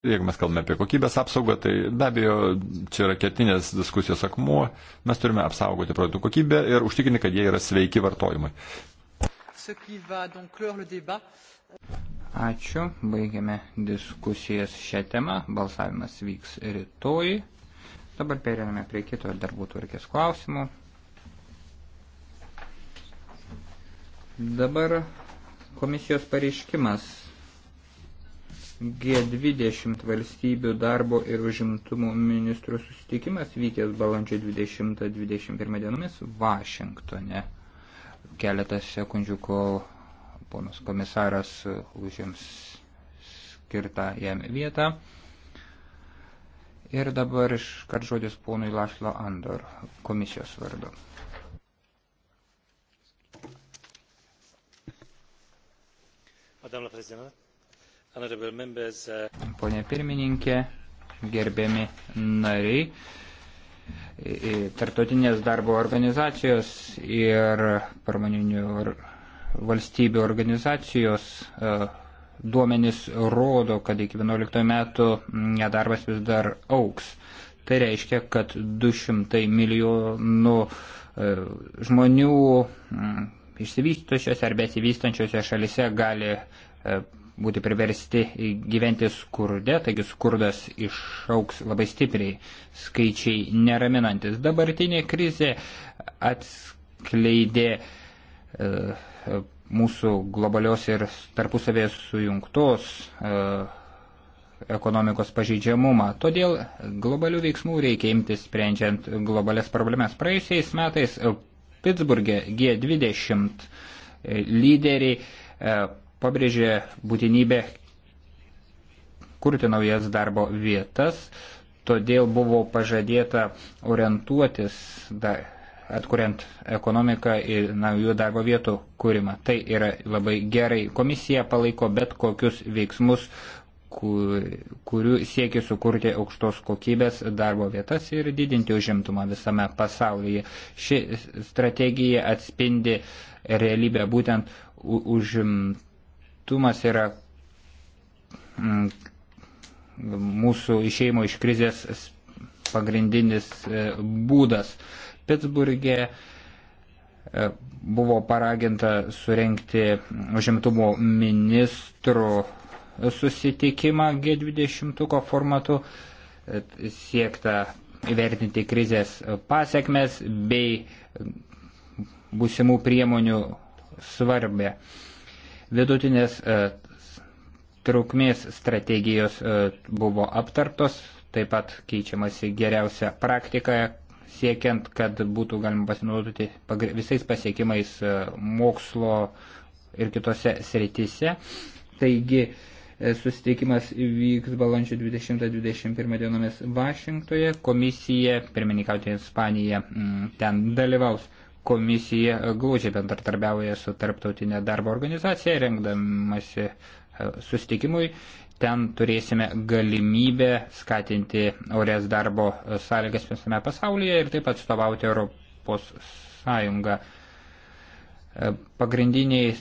Jeigu mes kalbame apie kokybės apsaugą, tai be abejo, čia yra ketinės diskusijos akmuo, mes turime apsaugoti produktų kokybę ir užtikrinti, kad jie yra sveiki vartojimui. Ačiū, baigiame diskusijas šią temą, balsavimas vyks rytoj. Dabar perėmėme prie kito darbų tvarkės klausimų. Dabar komisijos pareiškimas G20 valstybių darbo ir užimtumo ministrų susitikimas vykęs balandžio 20-21 dienomis Vašingtone. Keletas sekundžių, kol ponas komisaras užims skirtą jam vietą. Ir dabar iškart žodis ponui Laslo Andor komisijos vardu. Madame la Présidente, Uh, Pone pirmininkė, gerbiami nariai, tarptautinės darbo organizacijos ir pramoninių valstybių organizacijos e, duomenys rodo, kad iki 11 metų nedarbas vis dar auks. Tai reiškia, kad 200 milijonų e, žmonių išsivystytosiuose ar besivystančiose šalise gali e, būti priversti gyventi skurde, taigi skurdas išauks labai stipriai, skaičiai neraminantis. Dabartinė krizė atskleidė e, mūsų globalios ir tarpusavės sujungtos e, ekonomikos pažeidžiamumą. Todėl globalių veiksmų reikia imtis sprendžiant globalias problemas. Praėjusiais metais Pittsburgė G20 e, lyderiai e, pabrėžė būtinybę kurti naujas darbo vietas, todėl buvo pažadėta orientuotis, da, atkuriant ekonomiką ir naujų darbo vietų kūrimą. Tai yra labai gerai. Komisija palaiko bet kokius veiksmus, kur, kurių siekia sukurti aukštos kokybės darbo vietas ir didinti užimtumą visame pasaulyje. Ši strategija atspindi realybę būtent užimtumą Užimtumas yra mm, mūsų išeimo iš krizės pagrindinis e, būdas. Pittsburgė e, buvo paraginta surenkti užimtumo ministrų susitikimą G20 formatu, e, siekta įvertinti krizės pasiekmes bei būsimų priemonių svarbę. Vidutinės e, trukmės strategijos e, buvo aptartos, taip pat keičiamasi geriausia praktika, siekiant, kad būtų galima pasinaudoti visais pasiekimais e, mokslo ir kitose sritise. Taigi, susitikimas vyks balandžio 20-21 dienomis Vašingtoje. Komisija, pirmininkauti Ispanija, ten dalyvaus. Komisija glaudžiai bendratarbiauja su tarptautinė darbo organizacija, rengdamasi e, sustikimui. Ten turėsime galimybę skatinti orės darbo e, sąlygas visame pasaulyje ir taip atstovauti Europos Sąjungą. E, pagrindiniai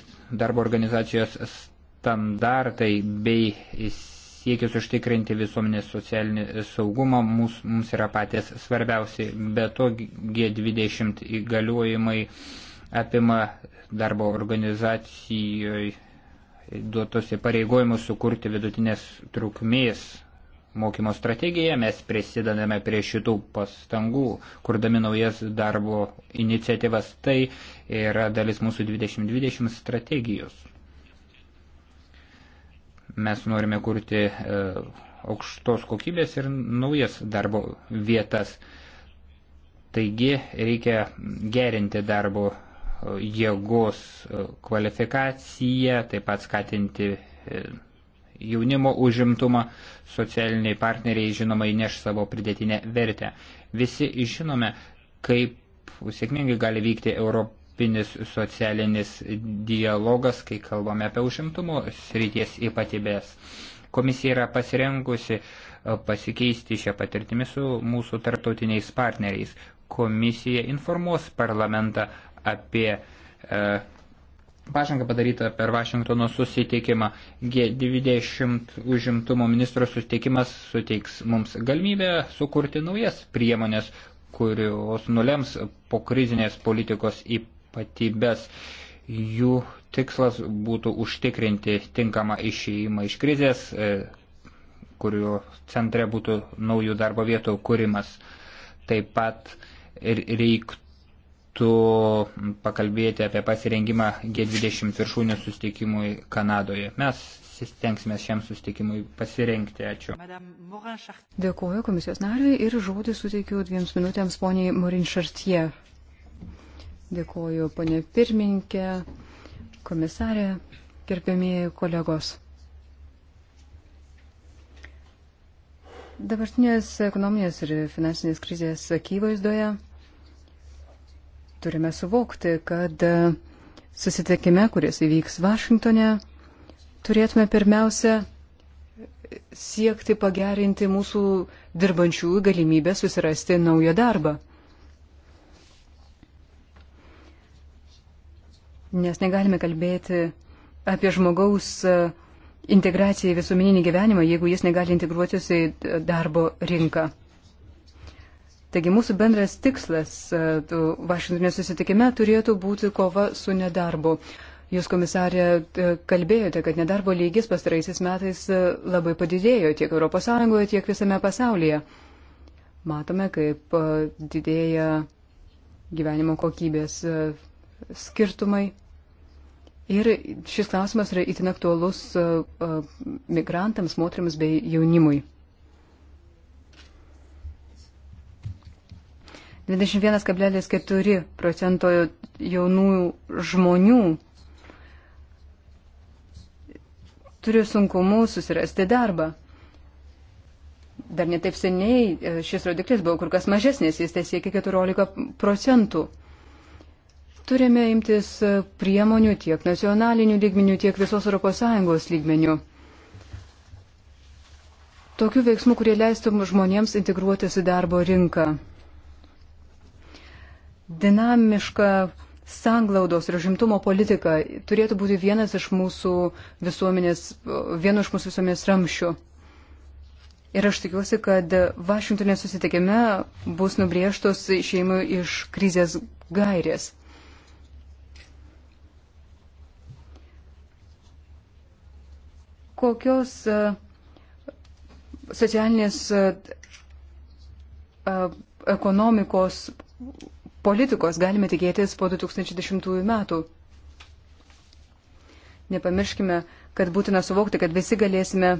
darbo organizacijos standartai bei siekis užtikrinti visuomenės socialinį saugumą mums, mums yra patys svarbiausi. Be to G20 įgaliojimai apima darbo organizacijoje duotus įpareigojimus sukurti vidutinės trukmės mokymo strategiją, mes prisidedame prie šitų pastangų, kurdami naujas darbo iniciatyvas. Tai yra dalis mūsų 2020 strategijos. Mes norime kurti e, aukštos kokybės ir naujas darbo vietas. Taigi reikia gerinti darbo e, jėgos e, kvalifikaciją, taip pat skatinti jaunimo užimtumą, socialiniai partneriai žinoma įneš savo pridėtinę vertę. Visi žinome, kaip sėkmingai gali vykti Europos europinis socialinis dialogas, kai kalbame apie užimtumo srities ypatybės. Komisija yra pasirengusi e, pasikeisti šią patirtimį su mūsų tarptautiniais partneriais. Komisija informuos parlamentą apie e, pažangą padarytą per Vašingtono susitikimą. G20 užimtumo ministro susitikimas suteiks mums galimybę sukurti naujas priemonės, kurios nulems po krizinės politikos į patybės. Jų tikslas būtų užtikrinti tinkamą išėjimą iš krizės, e, kurio centre būtų naujų darbo vietų kūrimas. Taip pat reiktų pakalbėti apie pasirengimą G20 viršūnės sustikimui Kanadoje. Mes stengsime šiam sustikimui pasirengti. Ačiū. Dėkuoju komisijos nariui ir žodį suteikiu dviems minutėms poniai Morin Šartie. Dėkuoju, ponė pirmininkė, komisarė, gerbėmėjai kolegos. Dabartinės ekonominės ir finansinės krizės akivaizdoje turime suvokti, kad susitikime, kuris įvyks Vašingtone, turėtume pirmiausia siekti pagerinti mūsų dirbančiųjų galimybę susirasti naują darbą. nes negalime kalbėti apie žmogaus e, integraciją į visuomeninį gyvenimą, jeigu jis negali integruotis į e, darbo rinką. Taigi mūsų bendras tikslas e, Vašingtonė susitikime turėtų būti kova su nedarbu. Jūs, komisarė, kalbėjote, kad nedarbo lygis pastaraisiais metais labai padidėjo tiek ES, tiek visame pasaulyje. Matome, kaip didėja gyvenimo kokybės skirtumai. Ir šis klausimas yra itin aktualus e, e, migrantams, moteriams bei jaunimui. 21,4 procento jaunų žmonių turi sunkumų susirasti darbą. Dar netaip seniai e, šis rodiklis buvo kur kas mažesnis, jis tiesiekė 14 procentų. Turime imtis priemonių tiek nacionalinių lygmenių, tiek visos ES lygmenių. Tokių veiksmų, kurie leistų žmonėms integruotis į darbo rinką. Dinamiška sanglaudos ir žimtumo politika turėtų būti vienas iš mūsų visuomenės, vieno iš mūsų visuomenės ramščių. Ir aš tikiuosi, kad Vašingtonė susitikime bus nubrėžtos šeimų iš krizės gairės. kokios e, socialinės e, e, ekonomikos politikos galime tikėtis po 2010 metų. Nepamirškime, kad būtina suvokti, kad visi galėsime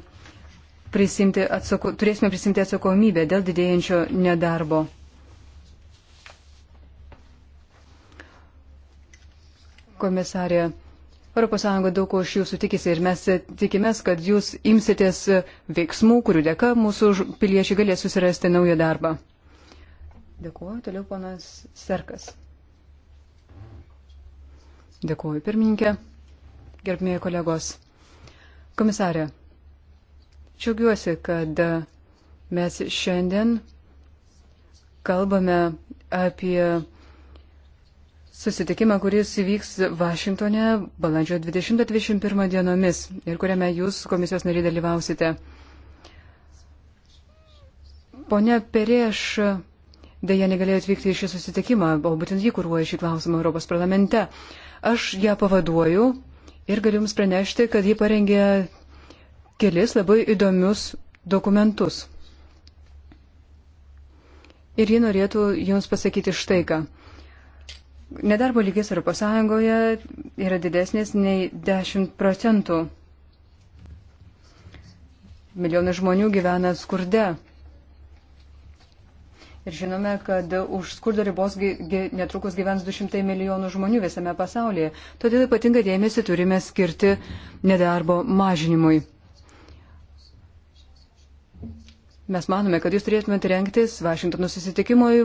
prisimti atsako, turėsime prisimti atsakomybę dėl didėjančio nedarbo. Komisarė ES daug ko iš jūsų tikisi ir mes tikimės, kad jūs imsitės veiksmų, kurių dėka mūsų piliečiai galės susirasti naują darbą. Dėkuoju, toliau ponas Serkas. Dėkuoju, pirmininkė, gerbėjai kolegos. Komisarė, džiaugiuosi, kad mes šiandien kalbame apie susitikimą, kuris įvyks Vašingtone balandžio 20-21 dienomis ir kuriame jūs komisijos nariai dalyvausite. Pone Perėš dėja negalėjo atvykti į šį susitikimą, o būtent jį kūruoja šį klausimą Europos parlamente. Aš ją pavaduoju ir galiu Jums pranešti, kad ji parengė kelis labai įdomius dokumentus. Ir ji norėtų Jums pasakyti štai ką. Nedarbo lygis ES yra didesnis nei 10 procentų. Milijonai žmonių gyvena skurde. Ir žinome, kad už skurdo ribos netrukus gyvens 200 milijonų žmonių visame pasaulyje. Todėl ypatingą dėmesį turime skirti nedarbo mažinimui. Mes manome, kad jūs turėtumėte rengtis Vašingtono susitikimui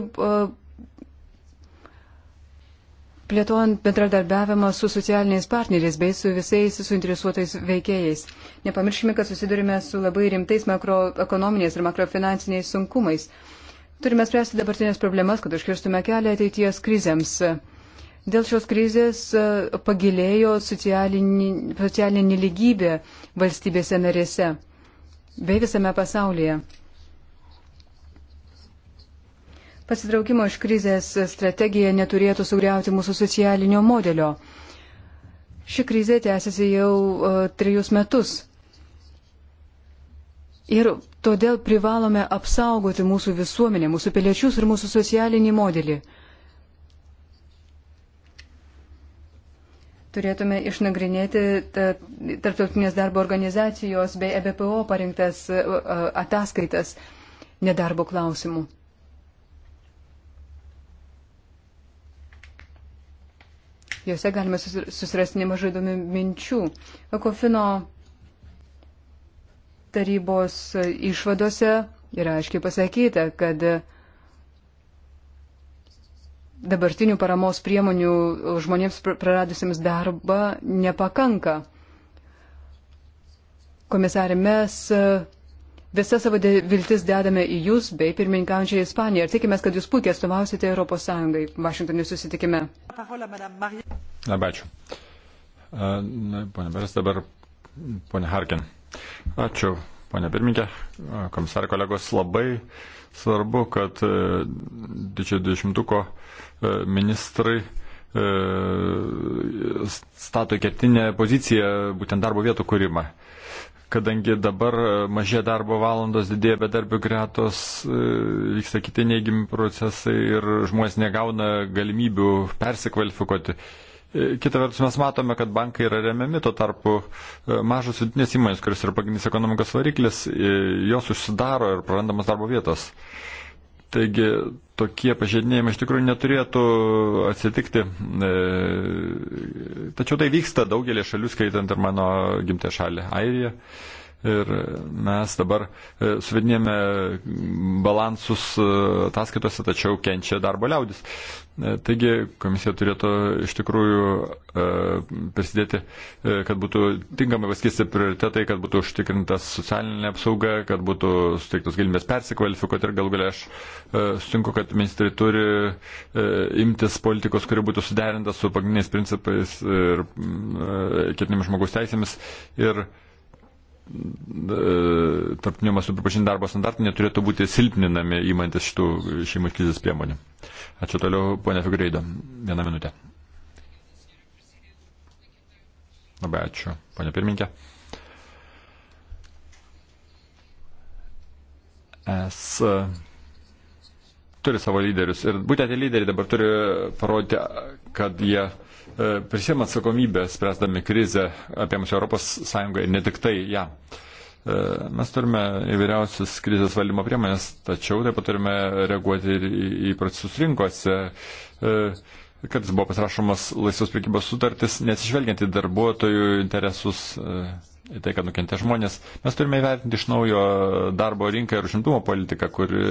plėtojant bendradarbiavimą su socialiniais partneriais bei su visais suinteresuotais veikėjais. Nepamirškime, kad susidurime su labai rimtais makroekonominiais ir makrofinansiniais sunkumais. Turime spręsti dabartinės problemas, kad užkirstume kelią ateities krizėms. Dėl šios krizės e, pagilėjo socialinė, socialinė lygybė valstybėse narėse bei visame pasaulyje. Pasitraukimo iš krizės strategija neturėtų sugriauti mūsų socialinio modelio. Ši krizė tęsiasi jau uh, trejus metus. Ir todėl privalome apsaugoti mūsų visuomenę, mūsų piliečius ir mūsų socialinį modelį. turėtume išnagrinėti Tarptautinės darbo organizacijos bei EBPO parinktas e, ataskaitas nedarbo klausimų. Jose galime susirasti nemažai įdomių minčių. Ekofino tarybos išvadose yra aiškiai pasakyta, kad dabartinių paramos priemonių žmonėms praradusiems darbą nepakanka. Komisarė, mes Visą savo de viltis dedame į Jūs bei pirmininkaujančią Ispaniją ir tikimės, kad Jūs puikiai atstovausite Europos Sąjungai Vašingtonė susitikime. Labai ačiū. Pane Beres, dabar Pone Harkin. Ačiū, ponė pirmininkė, komisarė kolegos. Labai svarbu, kad e, didžiojo dvidešimtuko e, ministrai e, stato kertinę poziciją būtent darbo vietų kūrimą kadangi dabar e, mažė darbo valandos, didėja bedarbių gretos, e, vyksta kiti neigiami procesai ir žmonės negauna galimybių persikvalifikuoti. E, kita vertus, mes matome, kad bankai yra remiami, tuo tarpu mažos vidutinės įmonės, kuris yra pagrindinis ekonomikos variklis, jos užsidaro ir prarandamas darbo vietos. Taigi tokie pažeidinėjimai iš tikrųjų neturėtų atsitikti. E, tačiau tai vyksta daugelį šalių, skaitant ir mano gimtąją šalį - Airiją. E, Ir mes dabar e, suvedinėme balansus e, ataskaitose, tačiau kenčia darbo liaudis. E, taigi komisija turėtų iš tikrųjų prisidėti, kad būtų tinkamai paskirsti prioritetai, kad būtų užtikrintas socialinė apsauga, kad būtų suteiktos galimybės persikvalifikuoti ir gal galia aš sutinku, kad ministrai turi imtis politikos, kuri būtų suderinta su pagrindiniais principais ir ketinimis žmogaus teisėmis. Ir, uh, E, tarptinio mastu pripažinti darbo standartai neturėtų būti silpninami įmantis šitų šeimų krizės priemonių. Ačiū toliau, ponia Figreido. Vieną minutę. Labai ačiū, ponia pirminkė. Es e, turi savo lyderius ir būtent tie lyderiai dabar turi parodyti, kad jie E, prisėmė atsakomybę spręsdami krizę apie mūsų ES ir ne tik tai ją. Ja. E, mes turime įvairiausias krizės valdymo priemonės, tačiau taip pat turime reaguoti ir į procesus rinkose. E, kartais buvo pasirašomas laisvos prekybos sutartis, nesižvelgiant į darbuotojų interesus, į tai, kad nukentė žmonės. Mes turime įvertinti iš naujo darbo rinką ir užimtumo politiką, kuri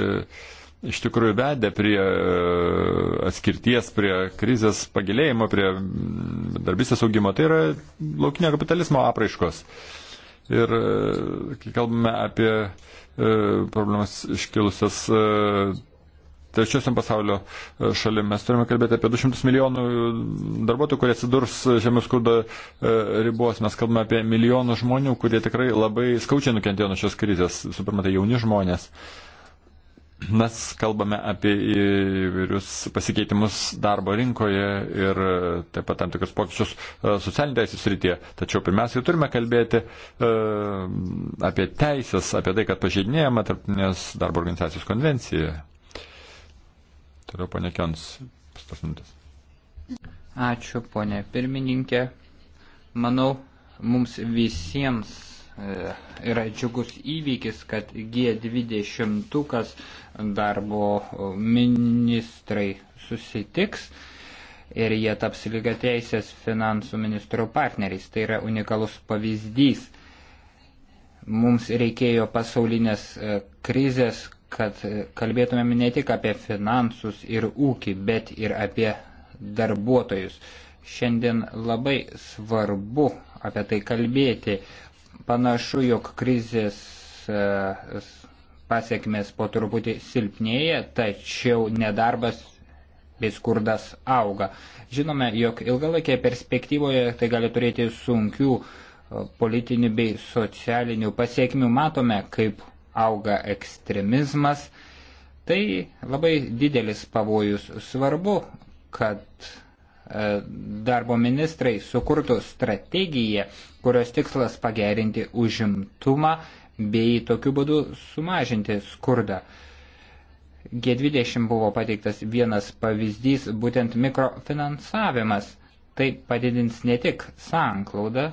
iš tikrųjų vedė prie e, atskirties, prie krizės pagilėjimo, prie mm, darbystės augimo. Tai yra laukinio kapitalizmo apraiškos. Ir e, kai kalbame apie e, problemas iškilusias trečiosiam pasaulio šalim. Mes turime kalbėti apie 200 milijonų darbuotojų, kurie atsidurs žemės skurdo ribos. Mes kalbame apie milijonų žmonių, kurie tikrai labai skaučiai nukentėjo nuo šios krizės. Suprantame, tai jauni žmonės. Uh, Mes kalbame apie įvairius pasikeitimus darbo rinkoje ir taip pat tam tikrus pokyčius e, socialinių teisų srityje. Tačiau pirmiausia, turime kalbėti e, apie teisės, apie tai, kad pažeidinėjama tarptinės darbo organizacijos konvencija. Toliau ponė Kions, pastas mintis. Ačiū, ponė pirmininkė. Manau, mums visiems e, yra džiugus įvykis, kad G20 darbo ministrai susitiks ir jie taps lyga teisės finansų ministrų partneriais. Tai yra unikalus pavyzdys. Mums reikėjo pasaulinės e, krizės, kad e, kalbėtumėm ne tik apie finansus ir ūkį, bet ir apie darbuotojus. Šiandien labai svarbu apie tai kalbėti. Panašu, jog krizės e, pasiekmes po truputį silpnėja, tačiau nedarbas bei skurdas auga. Žinome, jog ilgalaikėje perspektyvoje tai gali turėti sunkių e, politinių bei socialinių pasiekmių. Matome, kaip auga ekstremizmas. Tai labai didelis pavojus. Svarbu, kad E, darbo ministrai sukurtų strategiją, kurios tikslas pagerinti užimtumą bei tokiu būdu sumažinti skurdą. G20 buvo pateiktas vienas pavyzdys, būtent mikrofinansavimas. Tai padidins ne tik sąnklaudą,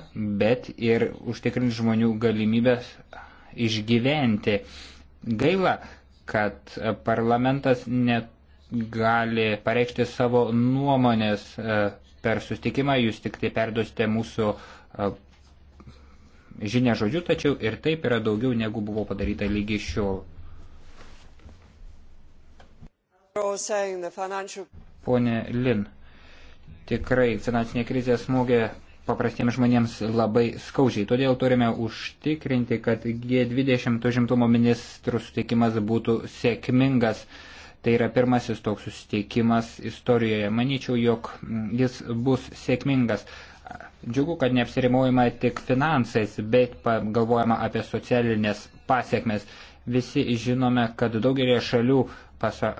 bet ir užtikrins žmonių galimybės išgyventi. Gaila, kad parlamentas net gali pareikšti savo nuomonės e, per sustikimą, jūs tik tai perduosite mūsų e, žinia žodžiu, tačiau ir taip yra daugiau negu buvo padaryta lygi šiol. Pone Lin, tikrai finansinė krizė smogė paprastiems žmonėms labai skaužiai. Todėl turime užtikrinti, kad G20 užimtumo ministrų sutikimas būtų sėkmingas. Tai yra pirmasis toks susitikimas istorijoje. Manyčiau, jog mm, jis bus sėkmingas. Džiugu, kad neapsirimuojama tik finansais, bet galvojama apie socialinės pasiekmes. Visi žinome, kad daugelį šalių pasa,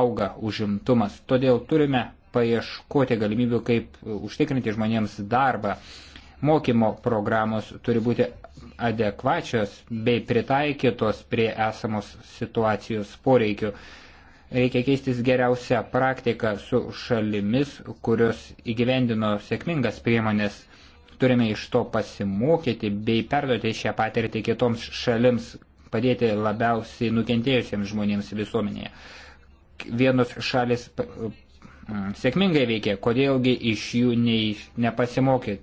auga užimtumas. Todėl turime paieškoti galimybių, kaip užtikrinti žmonėms darbą. Mokymo programos turi būti adekvačios bei pritaikytos prie esamos situacijos poreikių reikia keistis geriausią praktiką su šalimis, kurios įgyvendino sėkmingas priemonės. Turime iš to pasimokyti bei perduoti šią patirtį kitoms šalims, padėti labiausiai nukentėjusiems žmonėms visuomenėje. Vienos šalis sėkmingai veikia, kodėlgi iš jų nei, nepasimokyti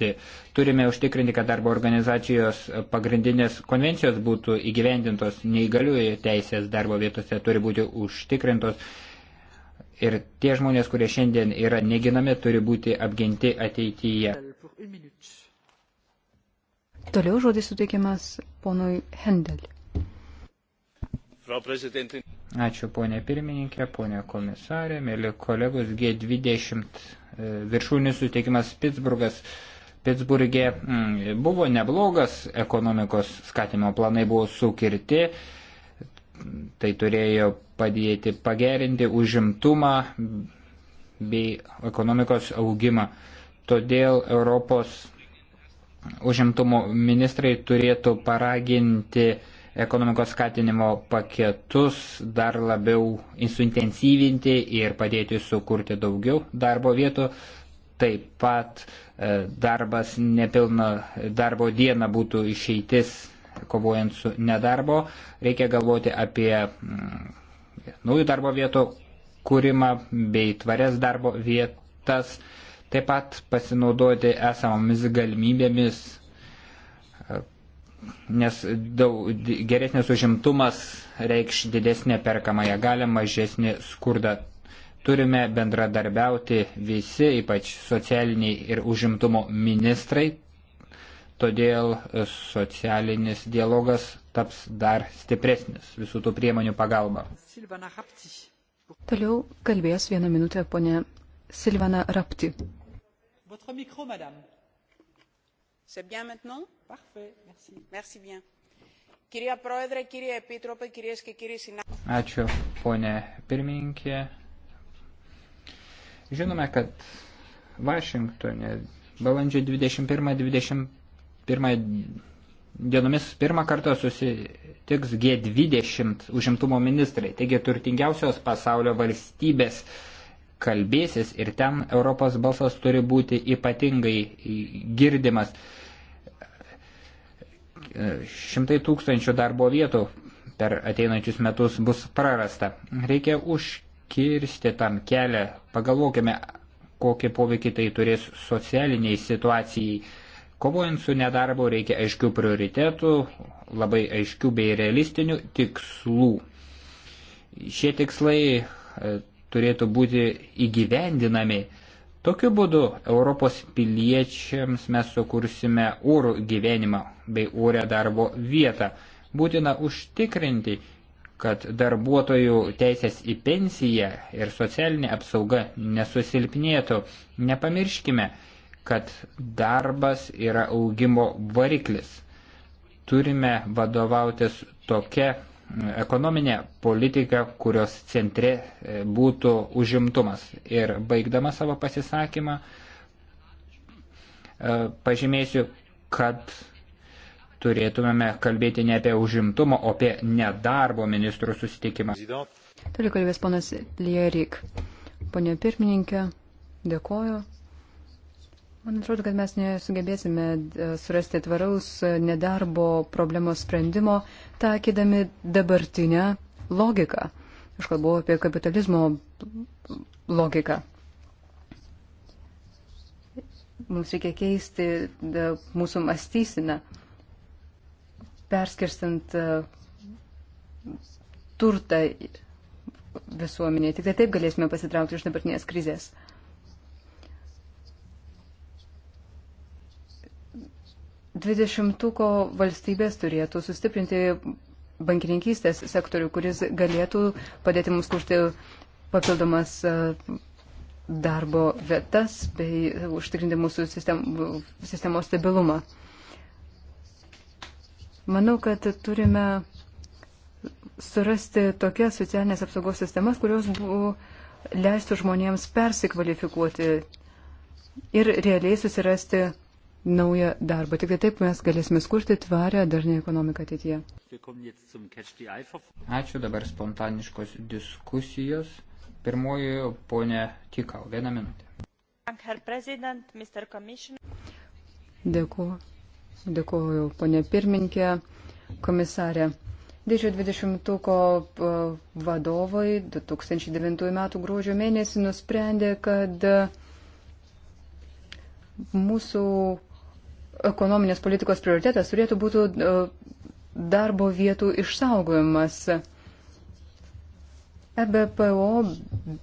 siekti. Turime užtikrinti, kad darbo organizacijos pagrindinės konvencijos būtų įgyvendintos, neįgaliųjų teisės darbo vietose turi būti užtikrintos ir tie žmonės, kurie šiandien yra neginami, turi būti apginti ateityje. Toliau žodis suteikiamas ponui Hendel. Ačiū ponė pirmininkė, ponė komisarė, mėly kolegos G20 e, viršūnės suteikimas Pittsburgas Pittsburgė mm, buvo neblogas, ekonomikos skatimo planai buvo sukirti, tai turėjo padėti pagerinti užimtumą bei ekonomikos augimą. Todėl Europos užimtumo ministrai turėtų paraginti ekonomikos skatinimo paketus dar labiau suintensyvinti ir padėti sukurti daugiau darbo vietų. Taip pat e, darbas nepilna darbo diena būtų išeitis kovojant su nedarbo. Reikia galvoti apie mm, naujų darbo vietų kūrimą bei tvarias darbo vietas. Taip pat pasinaudoti esamomis galimybėmis, e, nes daug, geresnis užimtumas reikš didesnę perkamąją galę, mažesnį skurdą. Turime bendradarbiauti visi, ypač socialiniai ir užimtumo ministrai, todėl socialinis dialogas taps dar stipresnis visų tų priemonių pagalba. Toliau kalbės vieną minutę ponė Silvana Rapti. Votre micro, madame. C'est bien maintenant Parfait, merci. Merci bien. Κυρία Πρόεδρε, κύριε Επίτροπε, κυρίες και κύριοι συνάδελφοι. Ačiū, ponė pirmininkė, Žinome, kad Vašingtonė balandžio 21-21 dienomis pirmą kartą susitiks G20 užimtumo ministrai, taigi turtingiausios pasaulio valstybės kalbėsis ir ten Europos balsas turi būti ypatingai girdimas. Šimtai tūkstančių darbo vietų per ateinančius metus bus prarasta. Reikia už užkirsti tam kelią. Pagalvokime, kokį poveikį tai turės socialiniai situacijai. Kovojant su nedarbu reikia aiškių prioritetų, labai aiškių bei realistinių tikslų. Šie tikslai e, turėtų būti įgyvendinami. Tokiu būdu Europos piliečiams mes sukursime orų gyvenimą bei orę darbo vietą. Būtina užtikrinti, kad darbuotojų teisės į pensiją ir socialinė apsauga nesusilpnėtų. Nepamirškime, kad darbas yra augimo variklis. Turime vadovautis tokia ekonominė politika, kurios centre e, būtų užimtumas. Ir baigdama savo pasisakymą, e, pažymėsiu, kad turėtumėme kalbėti ne apie užimtumą, o apie nedarbo ministrų susitikimą. Toliau kalbės ponas Lierik. Pone pirmininkė, dėkoju. Man atrodo, kad mes nesugebėsime e, surasti tvaraus e, nedarbo problemos sprendimo, takydami dabartinę logiką. Aš kalbu apie kapitalizmo logiką mums reikia keisti da, e, mūsų mąstysiną perskirstant e, turtą visuomenėje. Tik tai taip galėsime pasitraukti iš dabartinės krizės. Dvidešimtuko valstybės turėtų sustiprinti bankininkystės sektorių, kuris galėtų padėti mums kurti papildomas e, darbo vietas bei užtikrinti mūsų sistem, sistemos stabilumą. Manau, kad turime surasti tokias socialinės apsaugos sistemas, kurios buvo leistų žmonėms persikvalifikuoti ir realiai susirasti naują darbą. Tik tai taip mes galėsime skurti tvarę darnį ekonomiką ateityje. Ačiū dabar spontaniškos diskusijos. Pirmoji ponė Tikau, vieną minutę. Dėkuoju. Dėkuoju, ponė pirmininkė, komisarė. Didžiojo dvidešimtuko vadovai 2009 m. gruodžio mėnesį nusprendė, kad mūsų ekonominės politikos prioritetas turėtų būti e, darbo vietų išsaugojimas. EBPO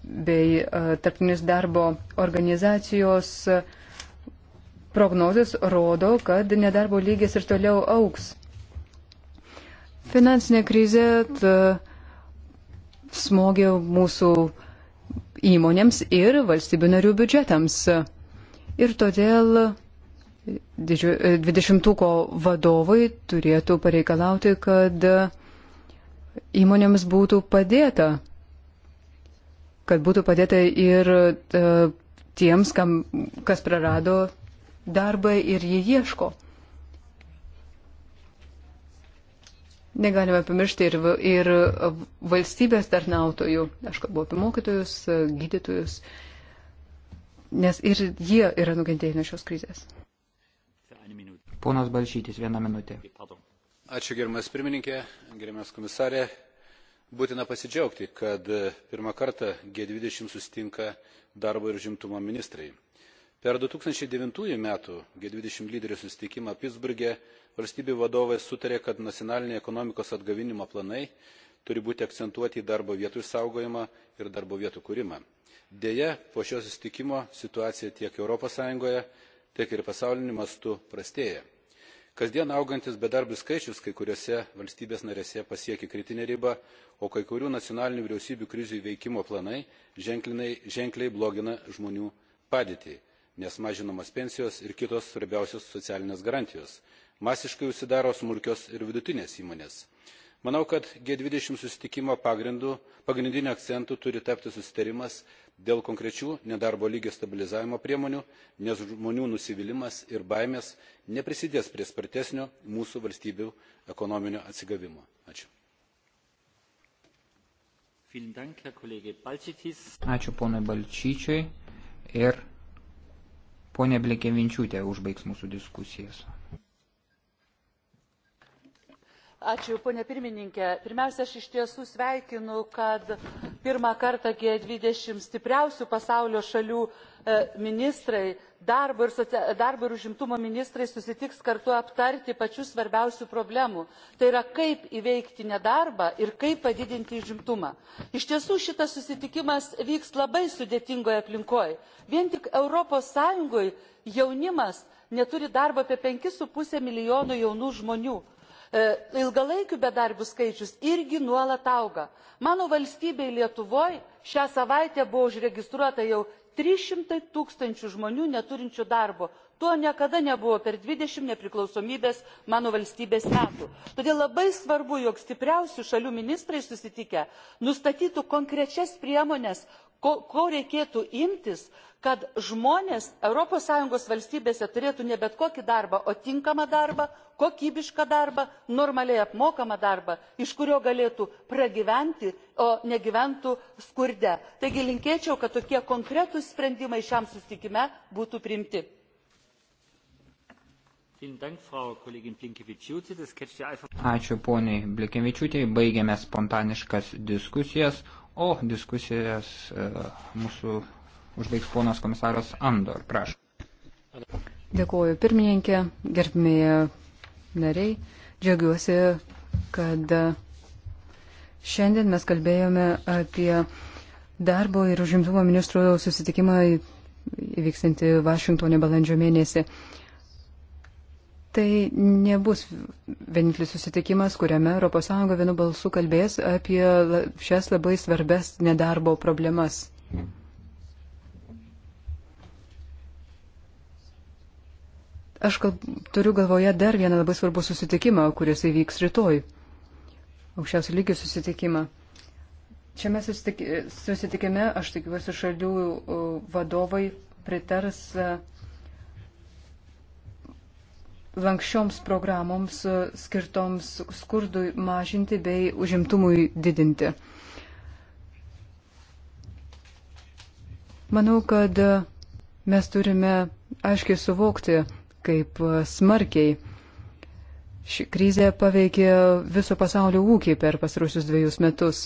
bei e, Tarptautinis darbo organizacijos uh, prognozijas rodo, kad nedarbo lygis ir toliau auks. Finansinė krizė smogė mūsų įmonėms ir valstybių narių biudžetams. Ir todėl 20-ko e, vadovai turėtų pareikalauti, kad įmonėms būtų padėta, kad būtų padėta ir e, tiems, kam, kas prarado darbą ir jį ieško. Negalime pamiršti ir, ir e, valstybės tarnautojų, aš kalbu apie mokytojus, e, gydytojus, nes ir jie yra nukentėję nuo šios krizės. Ponas Balšytis, vieną minutę. Ačiū gerimas pirmininkė, gerimas komisarė. Būtina pasidžiaugti, kad e, pirmą kartą G20 sustinka darbo ir žimtumo ministrai per du tūkstančiai devyni m g dvidešimt lyderių susitikimą pitsburge valstybių vadovai sutarė kad nacionaliniai ekonomikos atgaivinimo planai turi būti akcentuoti į darbo vietų išsaugojimą ir darbo vietų kūrimą. deja po šio susitikimo situacija tiek europos sąjungoje tiek ir pasauliniu mastu prastėja. kasdien augantis bedarbių skaičius kai kuriose valstybėse narėse pasiekė kritinę ribą o kai kurių nacionalinių vyriausybių krizių įveikimo planai ženkliai blogina žmonių padėtį nes mažinamos pensijos ir kitos svarbiausios socialinės garantijos masiškai užsidaro smulkios ir vidutinės įmonės. manau kad g dvidešimt susitikimo pagrindu pagrindiniu akcentu turi tapti susitarimas dėl konkrečių nedarbo lygio stabilizavimo priemonių nes žmonių nusivylimas ir baimės neprisidės prie spartesnio mūsų valstybių ekonominio atsigavimo. ačiū. Ačiū ponui Balčyčiui ir Pone Blekevinčiūtė užbaigs mūsų diskusijas. Ačiū, ponė pirmininkė. Pirmiausia, aš iš tiesų sveikinu, kad pirmą kartą G20 stipriausių pasaulio šalių e, ministrai darbo ir, socia... darbo ir užimtumo ministrai susitiks kartu aptarti pačių svarbiausių problemų. Tai yra, kaip įveikti nedarbą ir kaip padidinti užimtumą. Iš tiesų šitas susitikimas vyks labai sudėtingoje aplinkoje. Vien tik ES jaunimas neturi darbo apie 5,5 milijono jaunų žmonių e, ilgalaikių bedarbių skaičius irgi nuolat auga. Mano valstybėje Lietuvoje šią savaitę buvo užregistruota jau 300 tūkstančių žmonių neturinčių darbo. Tuo niekada nebuvo per 20 nepriklausomybės mano valstybės metų. Todėl labai svarbu, jog stipriausių šalių ministrai susitikę nustatytų konkrečias priemonės, ko, ko reikėtų imtis, kad žmonės ES valstybėse turėtų ne bet kokį darbą, o tinkamą darbą, kokybišką darbą, normaliai apmokamą darbą, iš kurio galėtų pragyventi, o negyventų skurde. Taigi linkėčiau, kad tokie konkretūs sprendimai šiam sustikime būtų primti. Ačiū poniai Blinkevičiūtėj, baigėme spontaniškas diskusijas, o diskusijas e, mūsų užbaigs ponas komisaras Andor. Prašau. Dėkuoju pirmininkė, gerbimieji nariai. Džiaugiuosi, kad šiandien mes kalbėjome apie darbo ir užimtumo ministro susitikimą įvyksinti Vašingtonė balandžio mėnesį tai nebus vienintelis susitikimas, kuriame ES vienu balsu kalbės apie šias labai svarbes nedarbo problemas. Aš kalb, turiu galvoje dar vieną labai svarbų susitikimą, kuris įvyks rytoj. Aukščiausių lygių susitikimą. Šiame susitikime, aš tikiuosi, šalių uh, vadovai pritars uh, lankščioms programoms e, skirtoms skurdui mažinti bei užimtumui didinti. Manau, kad mes turime aiškiai suvokti, kaip smarkiai ši krizė paveikė viso pasaulio ūkį per pasarusius dviejus metus.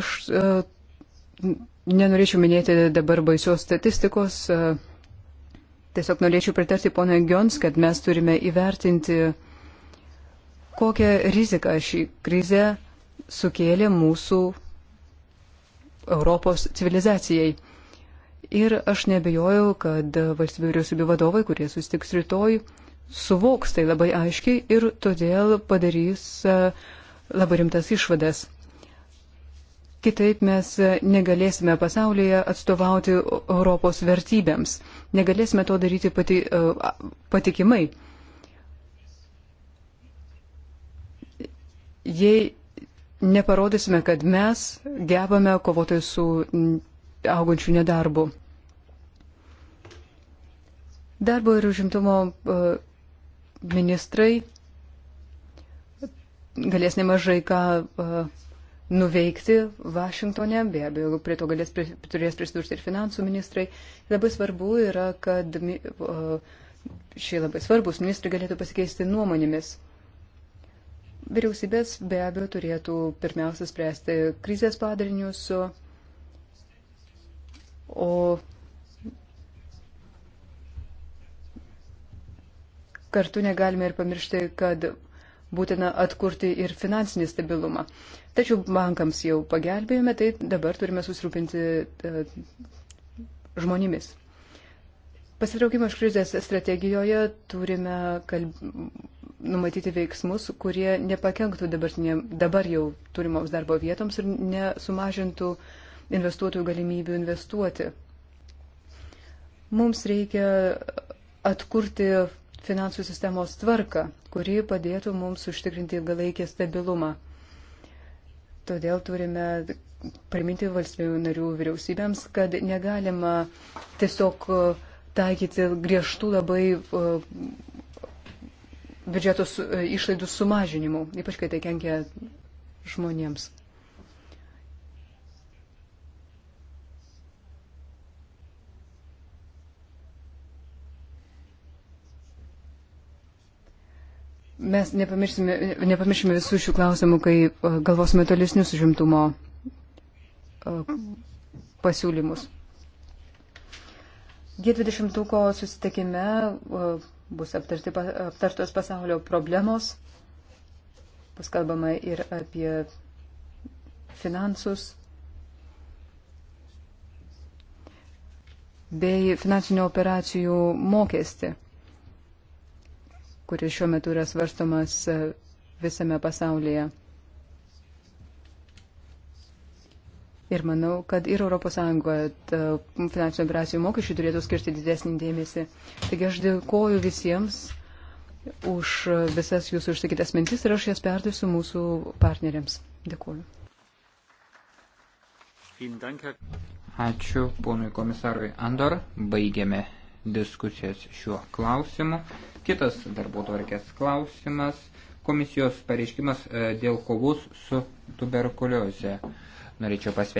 Aš e, nenorėčiau minėti dabar baisios statistikos, e, Tiesiog norėčiau pritarti ponui Gions, kad mes turime įvertinti, kokią riziką šį krizę sukėlė mūsų Europos civilizacijai. Ir aš nebejoju, kad valstybių vyriausybių vadovai, kurie sustiks rytoj, suvoks tai labai aiškiai ir todėl padarys e, labai rimtas išvadas. Kitaip mes negalėsime pasaulyje atstovauti Europos vertybėms. Negalėsime to daryti pati, e, patikimai. Jei neparodysime, kad mes gebame kovoti su augančiu nedarbu. Darbo ir užimtumo e, ministrai galės nemažai ką e, nuveikti Vašingtone, be abejo, prie to galės, turės prisidurti ir finansų ministrai. Labai svarbu yra, kad šie labai svarbus ministrai galėtų pasikeisti nuomonėmis. Vyriausybės be abejo turėtų pirmiausia spręsti krizės padarinius, o kartu negalime ir pamiršti, kad būtina atkurti ir finansinį stabilumą. Tačiau bankams jau pagelbėjome, tai dabar turime susirūpinti e, žmonėmis. Pasitraukimo iš krizės strategijoje turime kalb... numatyti veiksmus, kurie nepakenktų dabar jau turimoms darbo vietoms ir nesumažintų investuotojų galimybių investuoti. Mums reikia atkurti finansų sistemos tvarką, kuri padėtų mums užtikrinti ilgalaikį stabilumą. Todėl turime priminti valstybių narių vyriausybėms, kad negalima tiesiog e, taikyti griežtų labai e, biudžeto e, išlaidų sumažinimų, ypač kai tai kenkia žmonėms. Mes nepamiršime, nepamiršime visų šių klausimų, kai e, galvosime tolesnius žimtumo e, pasiūlymus. G20 susitikime e, bus aptarti, aptartos pasaulio problemos, bus kalbama ir apie finansus bei finansinių operacijų mokestį kuris šiuo metu yra svarstomas e, visame pasaulyje. Ir manau, kad ir ES e, finansinių operacijų mokesčių turėtų skirti didesnį dėmesį. Taigi aš dėkoju visiems už visas jūsų išsakytas mintis ir aš jas perduosiu mūsų partneriams. Dėkoju. Ačiū ponui komisarui Andor. Baigėme diskusijas šiuo klausimu. Kitas darbo tvarkės klausimas – komisijos pareiškimas e, dėl kovos su tuberkulioze. Norėčiau pasveikinti.